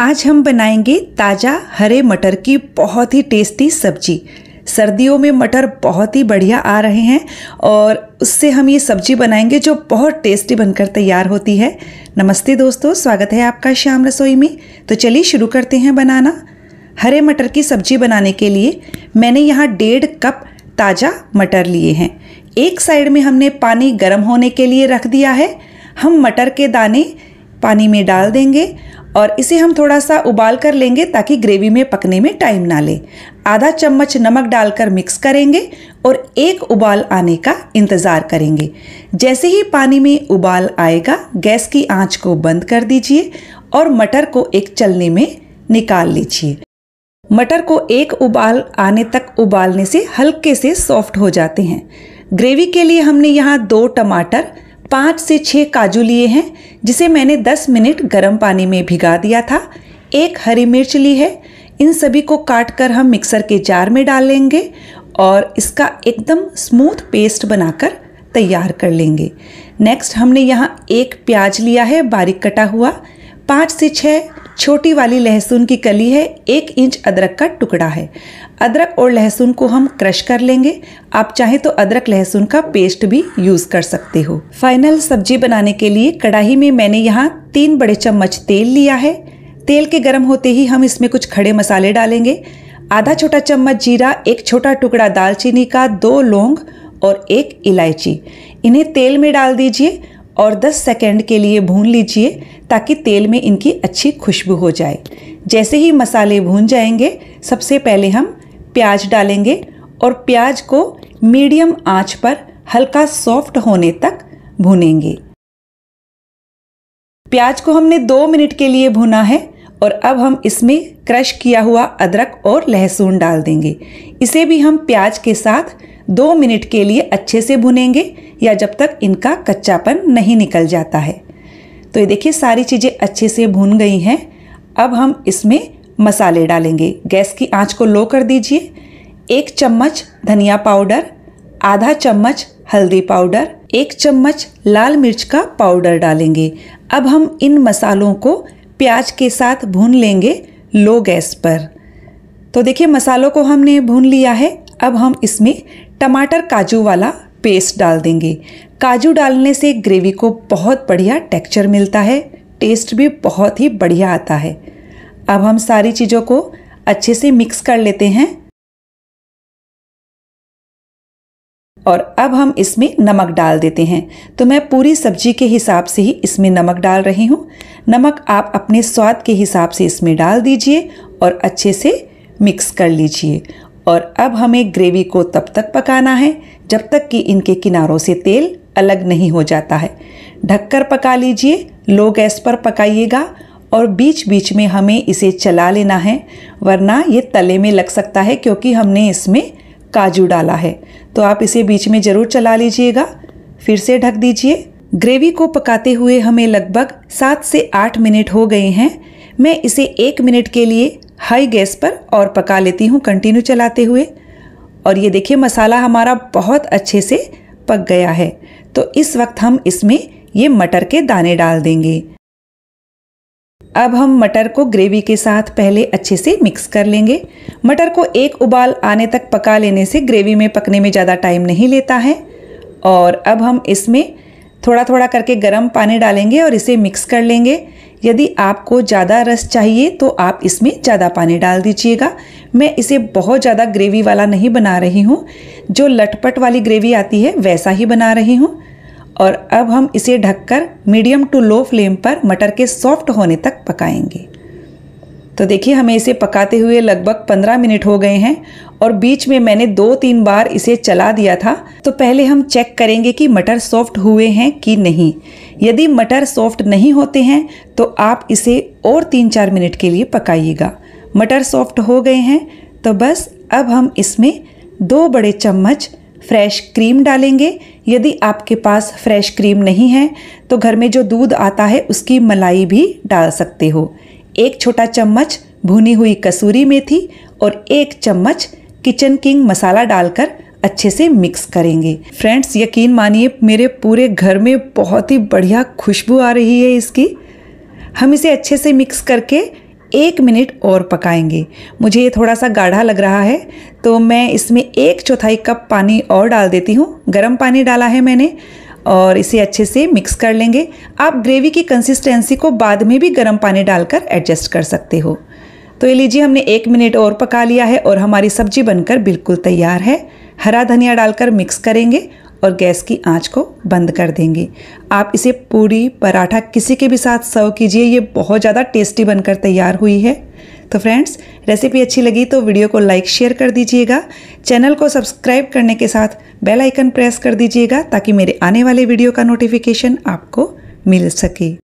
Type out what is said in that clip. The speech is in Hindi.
आज हम बनाएंगे ताज़ा हरे मटर की बहुत ही टेस्टी सब्जी सर्दियों में मटर बहुत ही बढ़िया आ रहे हैं और उससे हम ये सब्जी बनाएंगे जो बहुत टेस्टी बनकर तैयार होती है नमस्ते दोस्तों स्वागत है आपका श्याम रसोई में तो चलिए शुरू करते हैं बनाना हरे मटर की सब्जी बनाने के लिए मैंने यहाँ डेढ़ कप ताज़ा मटर लिए हैं एक साइड में हमने पानी गर्म होने के लिए रख दिया है हम मटर के दाने पानी में डाल देंगे और इसे हम थोड़ा सा उबाल कर लेंगे ताकि ग्रेवी में पकने में टाइम ना ले आधा चम्मच नमक डालकर मिक्स करेंगे और एक उबाल आने का इंतज़ार करेंगे जैसे ही पानी में उबाल आएगा गैस की आंच को बंद कर दीजिए और मटर को एक चलने में निकाल लीजिए मटर को एक उबाल आने तक उबालने से हल्के से सॉफ्ट हो जाते हैं ग्रेवी के लिए हमने यहाँ दो टमाटर पाँच से छः काजू लिए हैं जिसे मैंने 10 मिनट गर्म पानी में भिगा दिया था एक हरी मिर्च ली है इन सभी को काट कर हम मिक्सर के जार में डाल लेंगे और इसका एकदम स्मूथ पेस्ट बनाकर तैयार कर लेंगे नेक्स्ट हमने यहाँ एक प्याज लिया है बारीक कटा हुआ पाँच से छः छोटी वाली लहसुन की कली है एक इंच अदरक का टुकड़ा है अदरक और लहसुन को हम क्रश कर लेंगे आप चाहे तो अदरक लहसुन का पेस्ट भी यूज़ कर सकते हो फाइनल सब्जी बनाने के लिए कढ़ाई में मैंने यहाँ तीन बड़े चम्मच तेल लिया है तेल के गर्म होते ही हम इसमें कुछ खड़े मसाले डालेंगे आधा छोटा चम्मच जीरा एक छोटा टुकड़ा दालचीनी का दो लौंग और एक इलायची इन्हें तेल में डाल दीजिए और 10 सेकेंड के लिए भून लीजिए ताकि तेल में इनकी अच्छी खुशबू हो जाए जैसे ही मसाले भून जाएंगे सबसे पहले हम प्याज डालेंगे और प्याज को मीडियम आंच पर हल्का सॉफ्ट होने तक भूनेंगे प्याज को हमने दो मिनट के लिए भुना है और अब हम इसमें क्रश किया हुआ अदरक और लहसुन डाल देंगे इसे भी हम प्याज के साथ दो मिनट के लिए अच्छे से भुनेंगे या जब तक इनका कच्चापन नहीं निकल जाता है तो ये देखिए सारी चीज़ें अच्छे से भून गई हैं अब हम इसमें मसाले डालेंगे गैस की आंच को लो कर दीजिए एक चम्मच धनिया पाउडर आधा चम्मच हल्दी पाउडर एक चम्मच लाल मिर्च का पाउडर डालेंगे अब हम इन मसालों को प्याज के साथ भून लेंगे लो गैस पर तो देखिए मसालों को हमने भून लिया है अब हम इसमें टमाटर काजू वाला पेस्ट डाल देंगे काजू डालने से ग्रेवी को बहुत बढ़िया टेक्सचर मिलता है टेस्ट भी बहुत ही बढ़िया आता है अब हम सारी चीज़ों को अच्छे से मिक्स कर लेते हैं और अब हम इसमें नमक डाल देते हैं तो मैं पूरी सब्जी के हिसाब से ही इसमें नमक डाल रही हूँ नमक आप अपने स्वाद के हिसाब से इसमें डाल दीजिए और अच्छे से मिक्स कर लीजिए और अब हमें ग्रेवी को तब तक पकाना है जब तक कि इनके किनारों से तेल अलग नहीं हो जाता है ढककर पका लीजिए लो गैस पर पकाइएगा और बीच बीच में हमें इसे चला लेना है वरना ये तले में लग सकता है क्योंकि हमने इसमें काजू डाला है तो आप इसे बीच में ज़रूर चला लीजिएगा फिर से ढक दीजिए ग्रेवी को पकाते हुए हमें लगभग सात से आठ मिनट हो गए हैं मैं इसे एक मिनट के लिए हाई गैस पर और पका लेती हूँ कंटिन्यू चलाते हुए और ये देखिए मसाला हमारा बहुत अच्छे से पक गया है तो इस वक्त हम इसमें ये मटर के दाने डाल देंगे अब हम मटर को ग्रेवी के साथ पहले अच्छे से मिक्स कर लेंगे मटर को एक उबाल आने तक पका लेने से ग्रेवी में पकने में ज़्यादा टाइम नहीं लेता है और अब हम इसमें थोड़ा थोड़ा करके गर्म पानी डालेंगे और इसे मिक्स कर लेंगे यदि आपको ज़्यादा रस चाहिए तो आप इसमें ज़्यादा पानी डाल दीजिएगा मैं इसे बहुत ज़्यादा ग्रेवी वाला नहीं बना रही हूँ जो लटपट वाली ग्रेवी आती है वैसा ही बना रही हूँ और अब हम इसे ढककर मीडियम टू लो फ्लेम पर मटर के सॉफ्ट होने तक पकाएंगे तो देखिए हमें इसे पकाते हुए लगभग 15 मिनट हो गए हैं और बीच में मैंने दो तीन बार इसे चला दिया था तो पहले हम चेक करेंगे कि मटर सॉफ्ट हुए हैं कि नहीं यदि मटर सॉफ्ट नहीं होते हैं तो आप इसे और तीन चार मिनट के लिए पकाइएगा मटर सॉफ्ट हो गए हैं तो बस अब हम इसमें दो बड़े चम्मच फ्रेश क्रीम डालेंगे यदि आपके पास फ्रेश क्रीम नहीं है तो घर में जो दूध आता है उसकी मलाई भी डाल सकते हो एक छोटा चम्मच भुनी हुई कसूरी मेथी और एक चम्मच किचन किंग मसाला डालकर अच्छे से मिक्स करेंगे फ्रेंड्स यकीन मानिए मेरे पूरे घर में बहुत ही बढ़िया खुशबू आ रही है इसकी हम इसे अच्छे से मिक्स करके एक मिनट और पकाएंगे मुझे ये थोड़ा सा गाढ़ा लग रहा है तो मैं इसमें एक चौथाई कप पानी और डाल देती हूँ गर्म पानी डाला है मैंने और इसे अच्छे से मिक्स कर लेंगे आप ग्रेवी की कंसिस्टेंसी को बाद में भी गर्म पानी डालकर एडजस्ट कर सकते हो तो ये लीजिए हमने एक मिनट और पका लिया है और हमारी सब्जी बनकर बिल्कुल तैयार है हरा धनिया डालकर मिक्स करेंगे और गैस की आंच को बंद कर देंगे आप इसे पूरी पराठा किसी के भी साथ सर्व कीजिए ये बहुत ज़्यादा टेस्टी बनकर तैयार हुई है तो फ्रेंड्स रेसिपी अच्छी लगी तो वीडियो को लाइक शेयर कर दीजिएगा चैनल को सब्सक्राइब करने के साथ बेल आइकन प्रेस कर दीजिएगा ताकि मेरे आने वाले वीडियो का नोटिफिकेशन आपको मिल सके